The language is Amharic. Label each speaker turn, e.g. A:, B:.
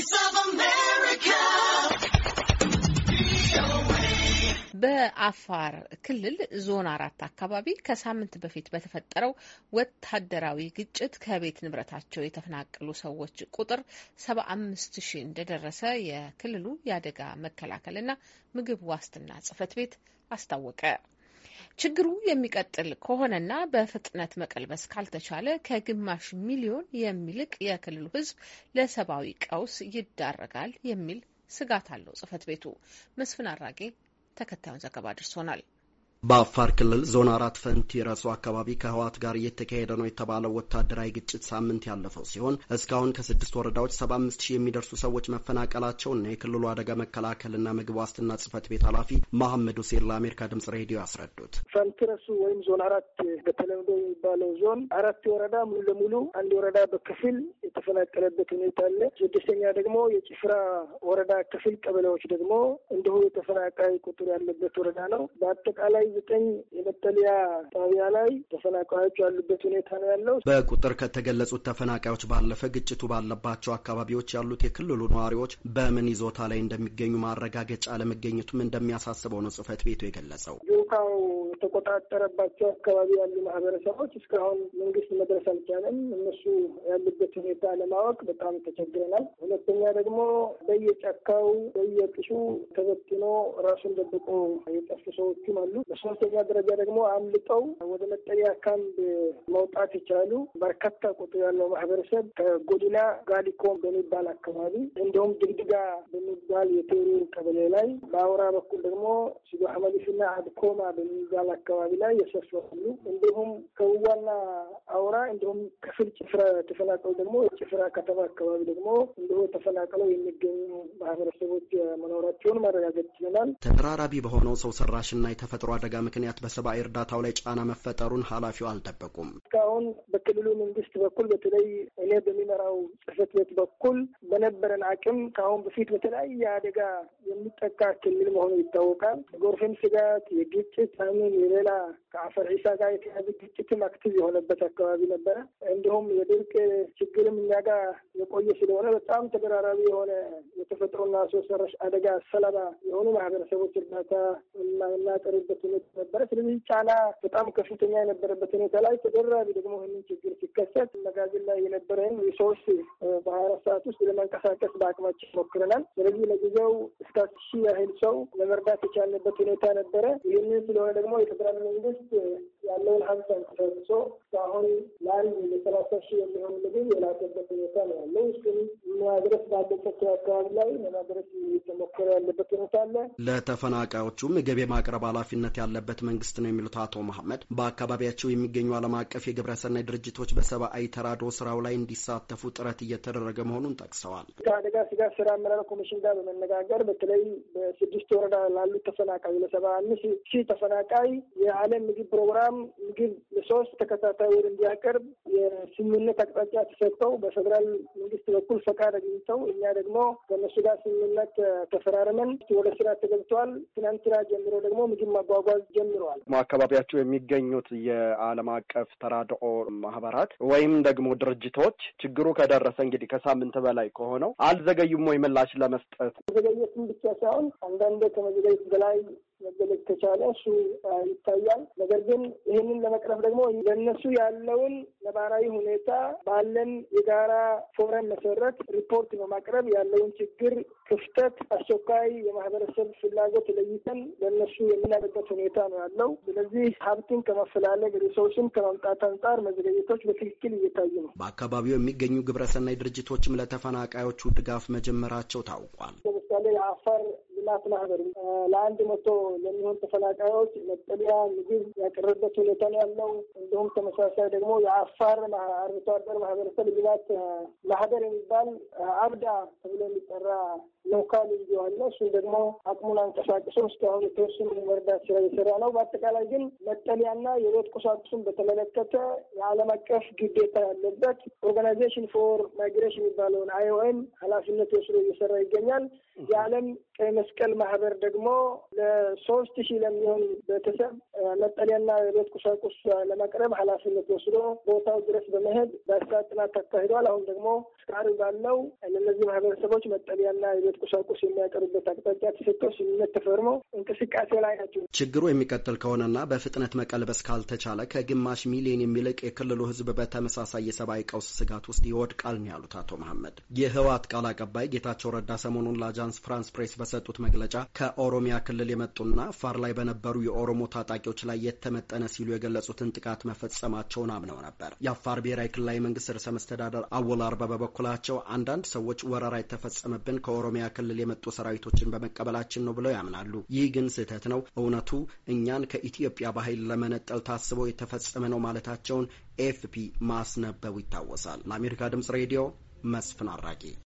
A: Voice of America.
B: በአፋር ክልል ዞን አራት አካባቢ ከሳምንት በፊት በተፈጠረው ወታደራዊ ግጭት ከቤት ንብረታቸው የተፈናቀሉ ሰዎች ቁጥር ሰባ አምስት ሺህ እንደደረሰ የክልሉ የአደጋ መከላከልና ምግብ ዋስትና ጽህፈት ቤት አስታወቀ። ችግሩ የሚቀጥል ከሆነና በፍጥነት መቀልበስ ካልተቻለ ከግማሽ ሚሊዮን የሚልቅ የክልሉ ሕዝብ ለሰብአዊ ቀውስ ይዳረጋል የሚል ስጋት አለው ጽህፈት ቤቱ። መስፍን አራጌ ተከታዩን ዘገባ አድርሶናል።
A: በአፋር ክልል ዞን አራት ፈንቲ ረሱ አካባቢ ከህወሓት ጋር እየተካሄደ ነው የተባለው ወታደራዊ ግጭት ሳምንት ያለፈው ሲሆን እስካሁን ከስድስት ወረዳዎች ሰባ አምስት ሺህ የሚደርሱ ሰዎች መፈናቀላቸውን የክልሉ አደጋ መከላከልና ምግብ ዋስትና ጽህፈት ቤት ኃላፊ መሐመድ ሁሴን ለአሜሪካ ድምጽ ሬዲዮ ያስረዱት።
B: ፈንቲ ረሱ ወይም ዞን አራት በተለምዶ የሚባለው ዞን አራት ወረዳ ሙሉ ለሙሉ አንድ ወረዳ በክፍል የተፈናቀለበት ሁኔታ አለ። ስድስተኛ ደግሞ የጭፍራ ወረዳ ክፍል ቀበሌዎች ደግሞ እንዲሁ የተፈናቃይ ቁጥር ያለበት ወረዳ ነው። በአጠቃላይ ዘጠኝ የመጠለያ ጣቢያ ላይ ተፈናቃዮች ያሉበት ሁኔታ ነው ያለው።
A: በቁጥር ከተገለጹት ተፈናቃዮች ባለፈ ግጭቱ ባለባቸው አካባቢዎች ያሉት የክልሉ ነዋሪዎች በምን ይዞታ ላይ እንደሚገኙ ማረጋገጫ አለመገኘቱም እንደሚያሳስበው ነው ጽህፈት ቤቱ የገለጸው።
B: ጁንታው የተቆጣጠረባቸው አካባቢ ያሉ ማህበረሰቦች እስካሁን መንግስት መድረስ አልቻለም። እነሱ ያሉበት ሁኔታ ሁኔታ ለማወቅ በጣም ተቸግረናል። ሁለተኛ ደግሞ በየጫካው በየቅሱ ተበትኖ ራሱን ደብቆ የጠፉ ሰዎችም አሉ። በሶስተኛ ደረጃ ደግሞ አምልጠው ወደ መጠለያ ካምፕ መውጣት ይቻሉ በርካታ ቁጥር ያለው ማህበረሰብ ከጎዲና ጋሊኮም በሚባል አካባቢ እንዲሁም ድግድጋ በሚባል የቴሩ ቀበሌ ላይ በአውራ በኩል ደግሞ ሲዶ ሐመሊሽና አድኮማ በሚባል አካባቢ ላይ የሰፈሩ እንዲሁም ከውዋና አውራ እንዲሁም ከፍል ጭፍራ ተፈናቀው ደግሞ ጭፍራ ከተማ አካባቢ ደግሞ እንዲሁ ተፈናቅለው የሚገኙ ማህበረሰቦች መኖራቸውን ማረጋገጥ ችለናል።
A: ተደራራቢ በሆነው ሰው ሰራሽና የተፈጥሮ አደጋ ምክንያት በሰብአዊ እርዳታው ላይ ጫና መፈጠሩን ኃላፊው አልጠበቁም።
B: እስካሁን በክልሉ መንግስት በኩል በተለይ እኔ በሚመራው ጽህፈት ቤት በኩል በነበረን አቅም ከአሁን በፊት በተለያየ አደጋ የሚጠቃ ክልል መሆኑ ይታወቃል። ጎርፍም ስጋት፣ የግጭት አሚን የሌላ ከአፈር ዒሳ ጋር የተያዘ ግጭትም አክቲቭ የሆነበት አካባቢ ነበረ። እንዲሁም የድርቅ ችግርም እኛ ጋር የቆየ ስለሆነ በጣም ተደራራቢ የሆነ የተፈጥሮና ሰው ሰራሽ አደጋ ሰለባ የሆኑ ማህበረሰቦች እርዳታ የማናቀርበት ሁኔታ ነበረ። ስለዚህ ጫና በጣም ከፍተኛ የነበረበት ሁኔታ ላይ ተደራቢ ደግሞ ይህንን ችግር ሲከሰት መጋዘን ላይ የነበረን ሪሶርስ በሀያ አራት ሰዓት ውስጥ ለመንቀሳቀስ በአቅማችን ሞክረናል። ስለዚህ ለጊዜው እስከ ሺህ ያህል ሰው ለመርዳት የቻልንበት ሁኔታ ነበረ። ይህንን ስለሆነ ደግሞ የፌዴራል መንግስት ያለውን ሀብታም ተሰብሶ አሁን ለአንድ ለሰላሳ ሺህ የሚሆን ምግብ የላከበት ሁኔታ ነው ያለው። እሱም ማድረስ ባለበት አካባቢ ላይ ለማድረስ የሚተሞ ያለበት ሁኔታ አለ።
A: ለተፈናቃዮቹ ምግብ የማቅረብ ኃላፊነት ያለበት መንግስት ነው የሚሉት አቶ መሐመድ በአካባቢያቸው የሚገኙ ዓለም አቀፍ የግብረሰናይ ድርጅቶች በሰብአዊ ተራድኦ ስራው ላይ እንዲሳተፉ ጥረት እየተደረገ መሆኑን ጠቅሰዋል።
B: ከአደጋ ስጋት ስራ አመራር ኮሚሽን ጋር በመነጋገር በተለይ በስድስት ወረዳ ላሉት ተፈናቃዩ ለሰባ አምስት ሺህ ተፈናቃይ የዓለም ምግብ ፕሮግራም ምግብ ለሶስት ተከታታይ ወር እንዲያቀርብ የስምምነት አቅጣጫ ተሰጥተው በፌዴራል መንግስት በኩል ፈቃድ አግኝተው እኛ ደግሞ ከነሱ ጋር ስምምነት ተፈራረ ጀርመን ወደ ስራ ተገብተዋል። ትናንትና ጀምሮ ደግሞ ምግብ ማጓጓዝ ጀምረዋል።
A: አካባቢያቸው የሚገኙት የዓለም አቀፍ ተራድኦ ማህበራት ወይም ደግሞ ድርጅቶች ችግሩ ከደረሰ እንግዲህ ከሳምንት በላይ ከሆነው አልዘገዩም ወይ ምላሽ ለመስጠት
B: መዘገየትም ብቻ ሳይሆን አንዳንዴ ከመዘገየት በላይ መገለጽ ከቻለ እሱ ይታያል። ነገር ግን ይህንን ለመቅረፍ ደግሞ ለእነሱ ያለውን ነባራዊ ሁኔታ ባለን የጋራ ፎረም መሰረት ሪፖርት በማቅረብ ያለውን ችግር፣ ክፍተት፣ አስቸኳይ የማህበረሰብ ፍላጎት ለይተን ለእነሱ የምናደርበት ሁኔታ ነው ያለው። ስለዚህ ሀብትን ከመፈላለግ ሪሶርስን ከማምጣት አንጻር መዘገየቶች በትክክል እየታዩ ነው።
A: በአካባቢው የሚገኙ ግብረሰናይ ድርጅቶችም ለተፈናቃዮቹ ድጋፍ መጀመራቸው ታውቋል።
B: ለምሳሌ የአፋር የልማት ማህበር ለአንድ መቶ ለሚሆን ተፈናቃዮች መጠለያ፣ ምግብ ያቀረበት ሁኔታ ነው ያለው። እንዲሁም ተመሳሳይ ደግሞ የአፋር አርብቶ አደር ማህበረሰብ ልማት ማህበር የሚባል አብዳ ተብሎ የሚጠራ ሎካል እንጂ እሱም ደግሞ አቅሙን አንቀሳቅሶ እስካሁን የተወሰኑ መርዳት ስራ እየሰራ ነው። በአጠቃላይ ግን መጠለያና የቤት ቁሳቁሱን በተመለከተ የዓለም አቀፍ ግዴታ ያለበት ኦርጋናይዜሽን ፎር ማይግሬሽን የሚባለውን አይኦኤም ኃላፊነት ወስዶ እየሰራ ይገኛል። የዓለም ቀይ መስቀል መስቀል ማህበር ደግሞ ለሶስት ሺህ ለሚሆን ቤተሰብ መጠለያና የቤት ቁሳቁስ ለማቅረብ ኃላፊነት ወስዶ ቦታው ድረስ በመሄድ በስራ ጥናት ተካሂዷል። አሁን ደግሞ ስካሪ ባለው ለእነዚህ ማህበረሰቦች መጠለያና የቤት ቁሳቁስ የሚያቀርቡበት አቅጣጫ ተሰጥቶ ስምምነት ተፈርሞ እንቅስቃሴ ላይ ናቸው።
A: ችግሩ የሚቀጥል ከሆነና በፍጥነት መቀልበስ ካልተቻለ ከግማሽ ሚሊዮን የሚልቅ የክልሉ ህዝብ በተመሳሳይ የሰብአዊ ቀውስ ስጋት ውስጥ ይወድቃል ነው ያሉት አቶ መሐመድ። የህወሓት ቃል አቀባይ ጌታቸው ረዳ ሰሞኑን ለአጃንስ ፍራንስ ፕሬስ በሰጡት መግለጫ ከኦሮሚያ ክልል የመጡና አፋር ላይ በነበሩ የኦሮሞ ታጣቂዎች ላይ የተመጠነ ሲሉ የገለጹትን ጥቃት መፈጸማቸውን አምነው ነበር። የአፋር ብሔራዊ ክልላዊ መንግስት ርዕሰ መስተዳደር አወል አርባ በበኩላቸው አንዳንድ ሰዎች ወረራ የተፈጸመብን ከኦሮሚያ ክልል የመጡ ሰራዊቶችን በመቀበላችን ነው ብለው ያምናሉ። ይህ ግን ስህተት ነው። እውነቱ እኛን ከኢትዮጵያ ባህል ለመነጠል ታስቦ የተፈጸመ ነው ማለታቸውን ኤፍፒ ማስነበቡ ይታወሳል። ለአሜሪካ ድምጽ ሬዲዮ መስፍን አራቂ